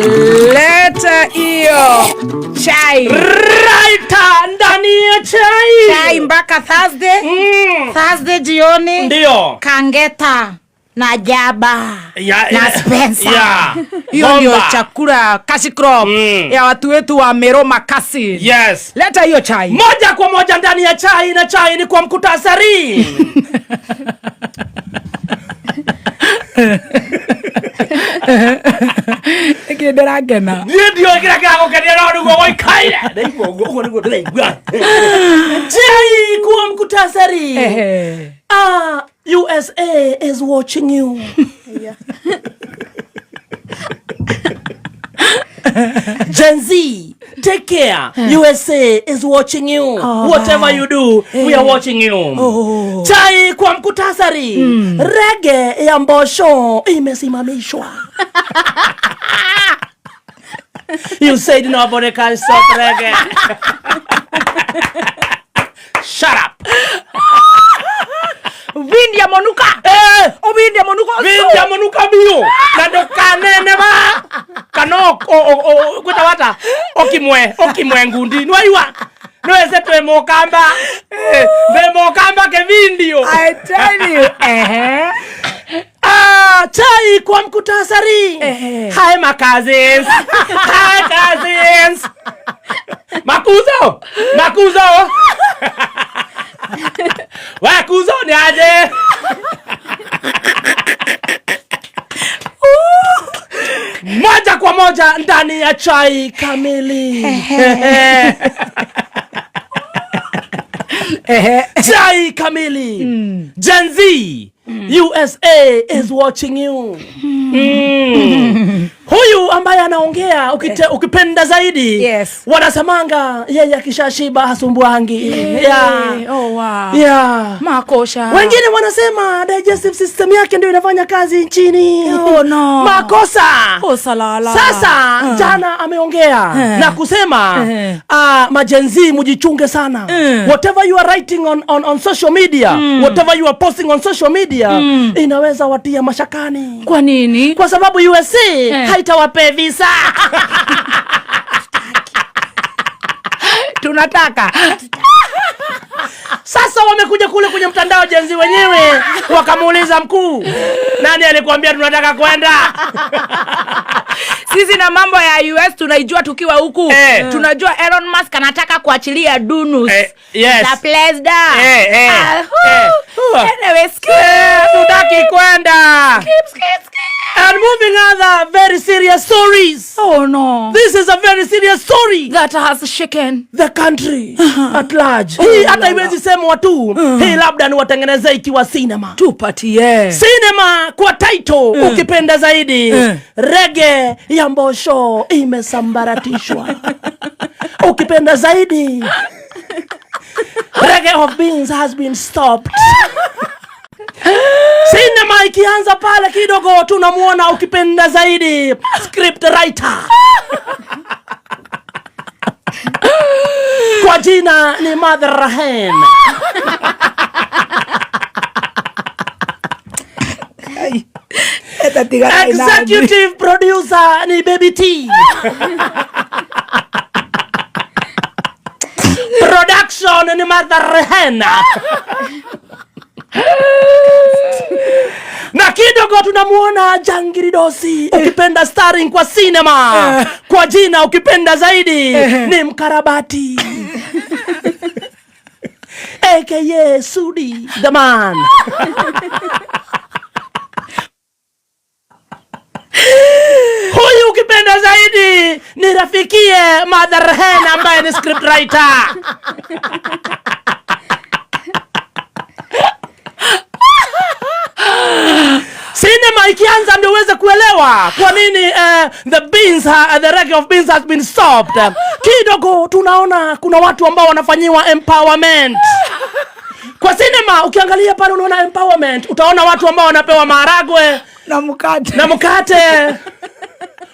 Leta hiyo chai raita ndani ya chai, chai mpaka Thursday. Mm. Thursday jioni ndio kangeta na jaba yeah, na spensa yeah. hiyo ndio chakula crop mm. ya watu wetu wa Meroma kasi. Yes, leta hiyo chai moja kwa moja ndani ya chai, na chai ni kwa mkutasari kä ndä rangena niä ndio kä rä a kä ragåkenia no nä guo gwaikaire ndaigua å guo nä guo ndä raigua jeri usa is watching you yeah. Gen Z Take care. yeah. USA is watching you. Oh, whatever you do, hey. We are eh. watching you. Oh. Chai kwa mkutasari. Mm. Rege ya mbosho imesimamishwa. You said nobody can stop rege Shut up. vindia monuka. Eh, o oh, vindia monuka. vindia monuka bio. Kando kanene ba. Kanok o oh, o oh, o kuta wata okimwe okimwe ngundi nwaiwa nwese twemokamba eh, twemokamba kevindio I tell you, ehe Ah, chai kwa mkutasari eh. Hi my cousins. Hi cousins. Makuzo! Makuzo! ya chai kamili chai kamili mm. Gen Z mm. USA is watching you mm. mm. Huyu ambaye anaongea eh. ukipenda zaidi yes. Wanasemanga yeye akishashiba hasumbuangi yeah. Yeah. Oh, wow. Yeah. Makosha. Wengine wanasema digestive system yake ndio inafanya kazi nchini. Oh, no. Makosa. Kosa Sasa uh. Jana ameongea uh. na kusema uh. Uh, ah, majenzi mujichunge sana uh. Whatever you are writing on, on, on social media mm. Whatever you are posting on social media mm. Inaweza watia mashakani. Kwa nini? Kwa sababu USA uh itawapee visa tunataka Sasa wamekuja kule kwenye mtandao jenzi wenyewe wakamuuliza mkuu, nani alikuambia tunataka kwenda? Sisi na mambo ya US tunaijua tukiwa huku eh. Tunajua Elon Musk anataka kuachilia Dunus eh, yes. na Plesda eh, eh, ah, eh. Anyway, skip. Eh, tutaki kwenda skip, skip, skip. And moving other uh, very serious stories. Oh no. This is a very serious story. That has shaken the country uh -huh. at large. Oh, hii hata iwezi semwa tu. Uh -huh. Hii labda ni watengeneze ikiwa cinema. Tupatie. Cinema kwa title uh -huh. ukipenda zaidi. Uh -huh. Rege ya mbosho imesambaratishwa. ukipenda zaidi. Rege of beans has been stopped. Sinema ikianza pale kidogo tunamwona, ukipenda zaidi script writer kwa jina ni Mother Rahen. Executive producer ni Baby T. Production ni Mother Rehena. na kidogo tunamwona Jangiridosi ukipenda starring kwa sinema eh. kwa jina ukipenda zaidi eh. ni mkarabati aka Sudi the man huyu ukipenda zaidi ni rafikie Mother Hen ambaye ni script writer ikianza ndio uweze kuelewa kwa nini uh, the beans uh, the rake of beans has been stopped. Kidogo tunaona kuna watu ambao wanafanyiwa empowerment kwa sinema. Ukiangalia pale unaona empowerment, utaona watu ambao wanapewa maharagwe na mkate na mkate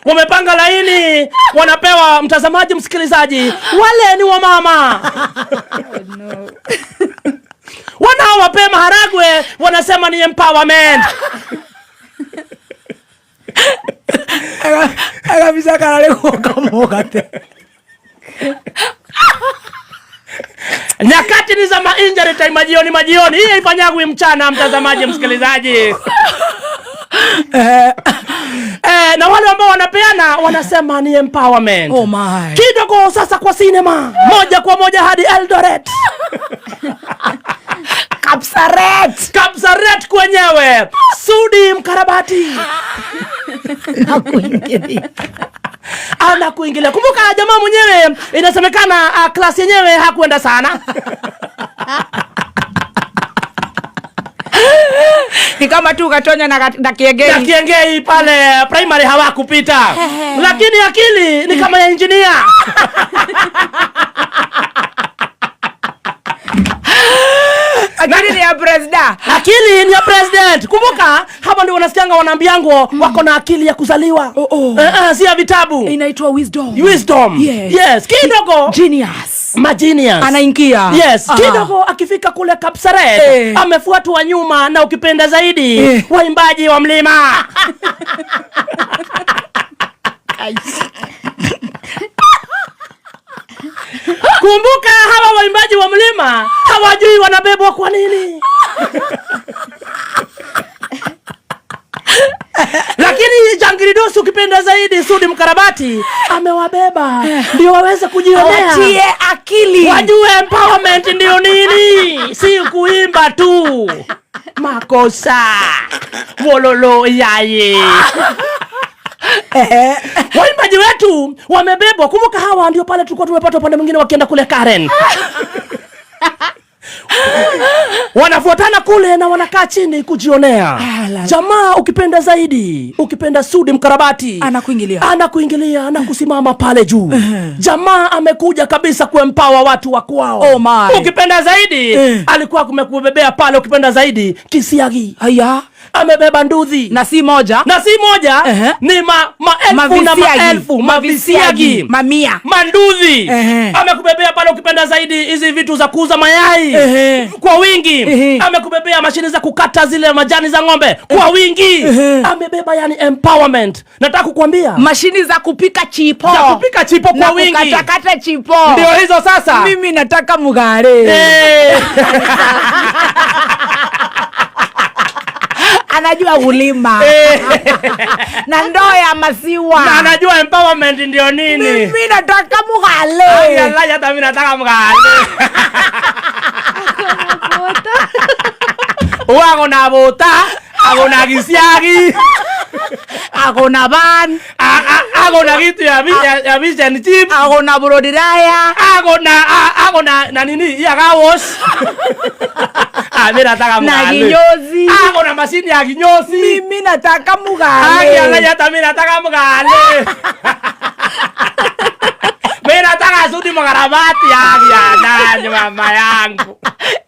wamepanga laini, wanapewa mtazamaji, msikilizaji, wale ni wamama oh, no. wanaowapea maharagwe wanasema ni empowerment. agavisa karare te nyakati ni za mainjari time majioni majioni, hii haifanyagwi mchana, mtazamaji msikilizaji. Eh, eh, na wale ambao wanapeana wanasema ni empowerment. Oh my. Kidogo sasa kwa sinema moja kwa moja hadi Eldoret Kapsaret, Kapsaret kwenyewe Sudi mkarabati anakuingilia Kumbuka jamaa mwenyewe inasemekana uh, ah, klasi yenyewe hakuenda sana ni kama tu katonya na, na kiengei na kiengei pale primary hawakupita, lakini akili ni kama ya injinia akili ni ya president, ni ya president. Kumbuka hapa ndio wanasikianga wanaambiango mm. wako na akili ya kuzaliwa oh, oh. Uh, uh, si ya vitabu eh, inaitwa wisdom, wisdom yes, yes. kidogo genius Anaingia. Yes. Kidogo akifika kule Kapsaret hey. Amefuatwa nyuma na ukipenda zaidi hey. Waimbaji wa mlima Kumbuka hawa waimbaji wa mlima hawajui wanabebwa kwa nini. Lakini dosu ukipenda zaidi Sudi mkarabati amewabeba ndio waweze kujionea. Watie akili. Wajue empowerment ndio nini? Si kuimba tu. Makosa. Wololo yaye. Eh, eh. waimbaji wetu wamebebwa. Kumbuka hawa ndio pale tulikuwa tumepata upande mwingine wakienda kule Karen wanafuatana kule na wanakaa chini kujionea. Ah, jamaa ukipenda zaidi, ukipenda Sudi mkarabati anakuingilia, anakuingilia na kusimama pale juu. Jamaa amekuja kabisa kuempawa watu wa kwao. Oh, ukipenda zaidi eh. alikuwa kumekubebea pale, ukipenda zaidi kisiagi haya amebeba nduzi na si moja na si moja uh -huh. Ni ma, maelfu na maelfu mavisiagi mamia manduzi uh -huh. Amekubebea pale ukipenda zaidi hizi vitu za kuuza mayai kwa wingi, amekubebea mashine za kukata zile majani za ng'ombe kwa wingi, amebeba yani empowerment. Nataka kukwambia mashine za kupika chipo, za kupika chipo kwa wingi, kukata chipo, ndio hizo sasa. Mimi nataka mugare anajua kulima na ndoo ya maziwa na anajua empowerment ndio nini. Mimi nataka mugale, ya mimi nataka mugale akonabota akonakisiagi akonaban akona kitu ya vision chip akona brodidaya akona akona na nini ya kaos mimi ah, nataka mgale na kinyozi akona mashini ya kinyozi mimi nataka mgale hata mimi nataka mgale rudi fundi mkarabati ya nani mama yangu.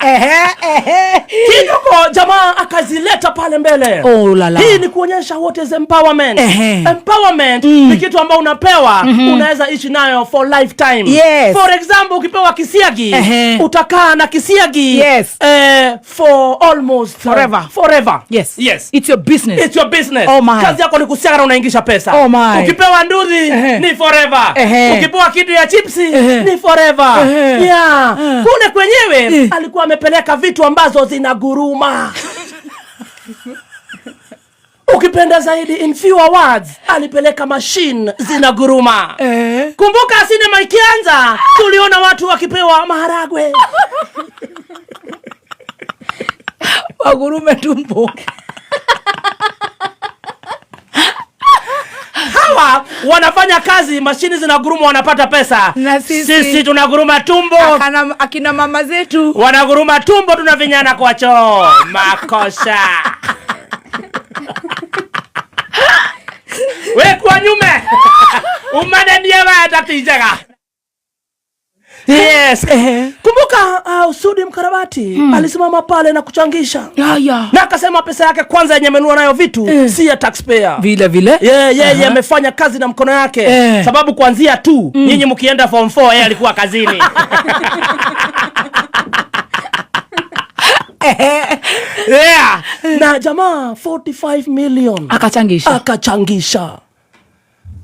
Ehe, ehe. Kinyoko jamaa akazileta pale mbele. Oh, lala. Hii ni kuonyesha what is empowerment. Ehe. Empowerment mm. ni kitu ambao unapewa mm -hmm. unaweza ishi nayo for lifetime. Yes. For example, ukipewa kisiagi Ehe. utakaa na kisiagi yes. eh, for almost uh, forever. Forever. Yes. Yes. It's your business. It's your business. Oh, my. Kazi yako ni kusiaga na unaingisha pesa. Oh, my. Ukipewa nduthi Ehe. ni forever. Ehe. Ukipewa kitu ya chipsi Ehe. Eh. ni forever eh. yeah. Eh. Kule kwenyewe alikuwa amepeleka vitu ambazo zina guruma ukipenda zaidi, in few words, alipeleka mashine zinaguruma. Kumbuka sinema ikianza, tuliona watu wakipewa maharagwe wagurume tumbo wanafanya kazi, mashini zinaguruma, wanapata pesa. Na sisi, sisi tunaguruma tumbo. Akana, akina mama zetu wanaguruma tumbo, tunavinyana kwa choo makosha we kwa nyume umane ndiye waya tatijaga yes eh. Kumbuka uh, Usudi mkarabati hmm, alisimama pale na kuchangisha yeah, yeah, na akasema pesa yake kwanza yenye amenua nayo vitu eh, si ya taxpayer vile vile, yeye amefanya kazi na mkono yake eh, sababu kuanzia tu mm, nyinyi mkienda form 4 yeye alikuwa kazini yeah. na jamaa 45 million akachangisha, akachangisha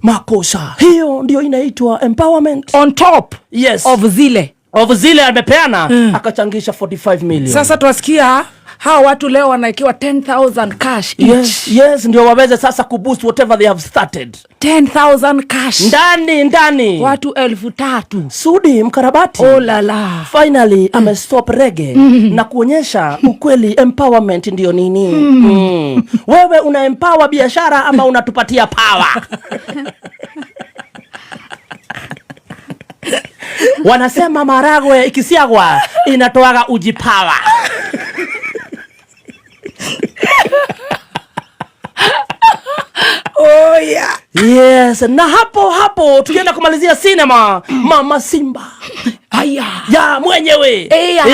makosa. Hiyo ndio inaitwa empowerment on top yes, of zile of zile amepeana mm. akachangisha 45 million. Sasa twasikia hawa watu leo wanaikiwa 10,000 cash each. Yes, yes, ndio waweze sasa kuboost whatever they have started. 10,000 cash. Ndani ndani. Watu elfu tatu. Sudi mkarabati. Oh la la. Finally mm. stop reggae mm. na kuonyesha ukweli empowerment ndio nini. Mm. Mm. Wewe una empower biashara ama unatupatia power? wanasema maragwe ikisiagwa inatoaga ujipawa Oh, yeah. Yes, na hapo hapo tukienda kumalizia sinema Mama Simba Aya. Ya mwenyewe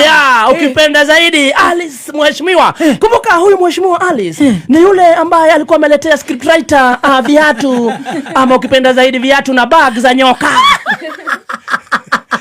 Ya ukipenda zaidi Alice mheshimiwa. Kumbuka huyu mheshimiwa Alice ni yule ambaye alikuwa ameletea scriptwriter uh, viatu ama ukipenda zaidi viatu na bag za nyoka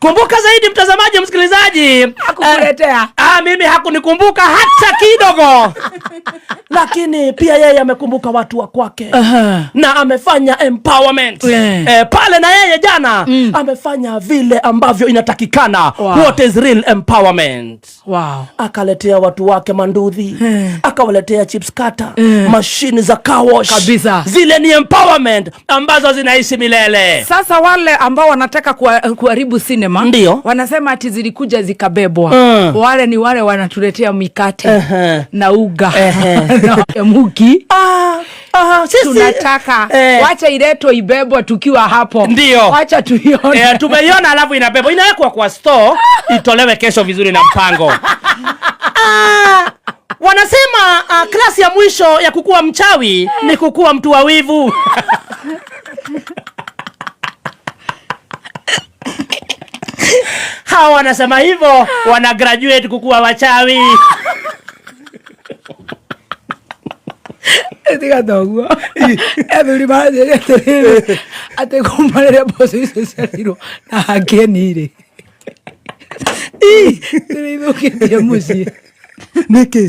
Kumbuka zaidi, mtazamaji, msikilizaji, hakukuletea eh, ah, mimi hakunikumbuka hata kidogo lakini pia yeye amekumbuka watu wa kwake uh -huh. na amefanya empowerment yeah. Eh, pale na yeye jana mm. amefanya vile ambavyo inatakikana wow. What is real empowerment wow. akaletea watu wake mandudhi yeah. akawaletea chips kata mashini za kawash kabisa, zile ni empowerment ambazo zinaishi milele. Sasa wale ambao wanataka kuharibu sinema wanasema ndio, wanasema ati zilikuja zikabebwa. mm. wale ni wale wanatuletea mikate uh -huh. na uga uh -huh. na muki ah. Aha, tunataka eh, wacha ileto ibebwa tukiwa hapo. Ndio. Wacha tuione. Eh, tumeiona alafu inabebwa. Inawekwa kwa store itolewe kesho vizuri na mpango. Ah, wanasema ah, klasi ya mwisho ya kukuwa mchawi ni kukuwa mtu wa wivu. hawa wanasema hivyo, wana graduate kukuwa wachawi tiga ndoguo athuri mathire atiriri ati kumarire mboco icio ciathirwo na hakenire nĩithukitie mũciĩ nĩkĩ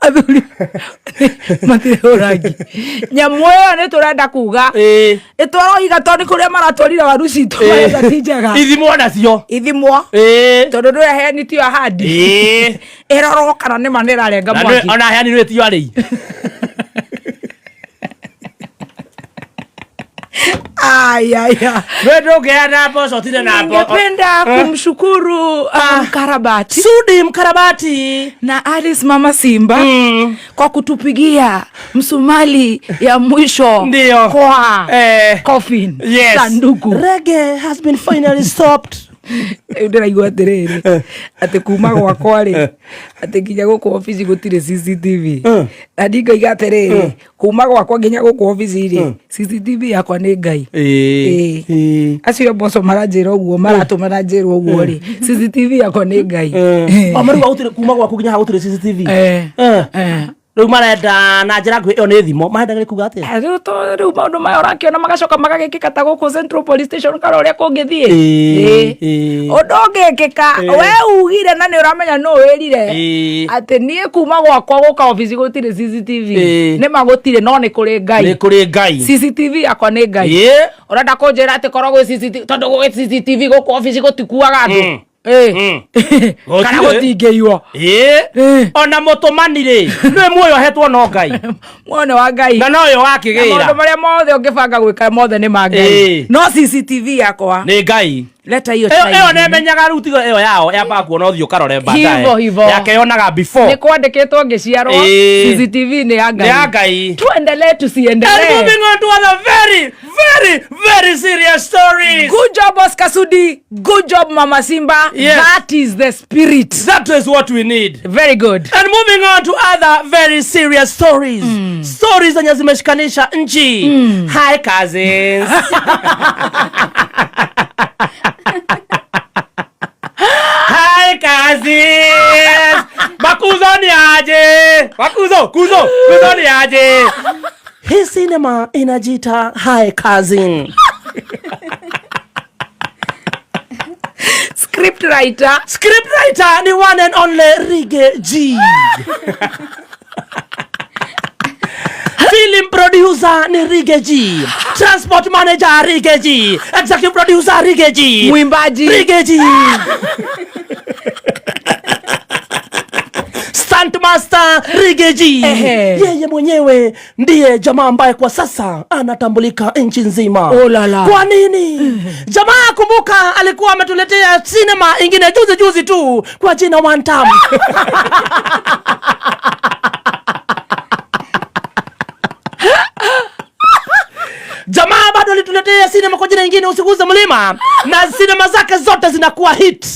athuri matirä rangi nyamå ä yo nä tå renda kuga ä twaroiga tondå nä kå rä a maratwarire waru citå ti njega ithimwo nacio ithimwo tondå ndå rä heani tio ä rorwo kana nä ma nä rarenga mwaki ona heani rä tio arä i Ningependa eh. kumshukuru um, ah. mkarabati. Sudi mkarabati na Alice Mama Simba mm. kwa kutupigia msumali ya mwisho. Ndio. Kwa eh, coffin. Yes. Sanduku. rege has been finally stopped rä u ndä raigua atä rä rä atä kuma gwakwa rä atä nginya gå kå obici gå tirä cctv hm. na ndingaiga atä rä hm. rä kuma gwakwa nginya gå kå obici hm. cctv yakwa nä ngai acio mboco maranjä ra å guo maratå mana ra å guo rä cctv yakwa nä ngai ah, kuma gwakå nginya hagå tirä cctv eh. eh. eh riu marenda na njira nguhi iyo ni thimo marenda gä kuga atä eh, riu to riu maundu maya urakiona magacoka magagäkika ta gå kå central police station kana å rä a kå ngä thiä å ngä ngä ka we ugire na nä å ramenya no wä rire atä niä kuma gwakwa gå ka obici gå tirä cctv nä ma tirä no nä kå rä ngai nä kå rä ngai cctv yakwa nä ngai å renda kå njä ra atä korwo gwä cctv tondå gwä cctv gå kå obici gå tikuaga andå mm. Eh. Hmm. kana gå tingä tingäiwo ona må tå mani rä nä muoyo hetwo no ngai mwone wa ngai na noyo wakä gä ra maå ndå marä a mothe å ngä banga gwä ka mothe nä ma ngai eh. no cctv yakwa nä ngai leta hiyo chai eo nemenyaga rä u tigo ä yo yao yambaga kuona å thiå karore yakeonaga nä kwandäkätwo CCTV nä ya ngai ya ngai tuendelee tusiendelee moving on to other very very very serious stories good job Oscar Sudi good job Mama Simba yes. that is the spirit that is what we need very good and moving on to other very serious stories mm. stories zenye zimeshikanisha nchi mm. hi cousins Aje? Wakuzo, kuzo, kuzo ni aje? Hii sinema inajita Hi Cousin. Script writer. Script writer ni one and only Rige G. Film producer ni Rige G. Transport manager Rige G. Executive producer Rige G. Mwimbaji Rige G. Grandmaster Rigathi. Yeye mwenyewe ndiye jamaa ambaye kwa sasa anatambulika nchi nzima. Oh, kwa nini? Jamaa kumbuka, alikuwa ametuletea sinema ingine juzi juzi tu kwa jina One Time. Jamaa bado alituletea sinema kwa jina ingine Usiguze Mlima, na sinema zake zote zinakuwa hit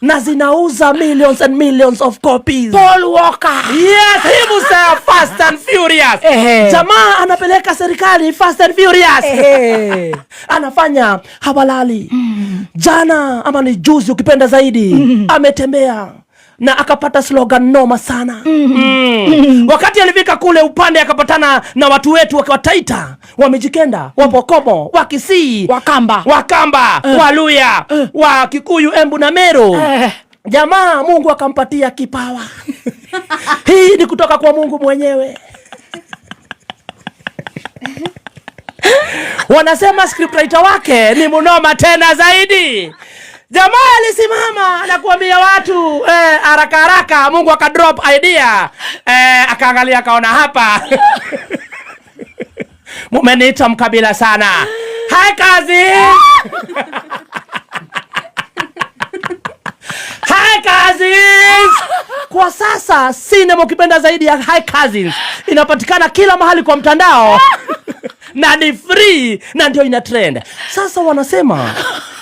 na zinauza millions and millions of copies. Paul Walker. Yes, he was a Fast and Furious. Jamaa anapeleka serikali Fast and Furious. Anafanya hawalali. Mm. Jana ama ni juzi ukipenda zaidi. Mm. Ametembea na akapata slogan noma sana mm-hmm. mm -hmm. Mm. hmm Wakati alifika kule upande akapatana na watu wetu wataita Wamijikenda, mm. Wapokomo, Wakisii, Wakamba, Wakamba uh. Waluya uh. wa Kikuyu, Embu na Meru uh. Jamaa Mungu akampatia kipawa hii ni kutoka kwa Mungu mwenyewe wanasema scriptwriter wake ni munoma tena zaidi Jamaa alisimama na kuambia watu eh, haraka eh, haraka. Mungu aka drop idea eh, akaangalia akaona hapa mumeniita mkabila sana, hai kazi Hi cousins. Kwa sasa sinema ukipenda zaidi ya Hi cousins inapatikana kila mahali kwa mtandao na ni free na ndio ina trend sasa, wanasema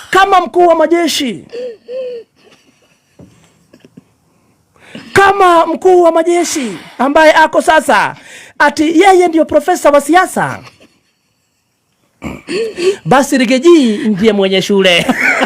kama mkuu wa majeshi kama mkuu wa majeshi ambaye ako sasa ati yeye ndio profesa wa siasa, basi Rigejii ndiye mwenye shule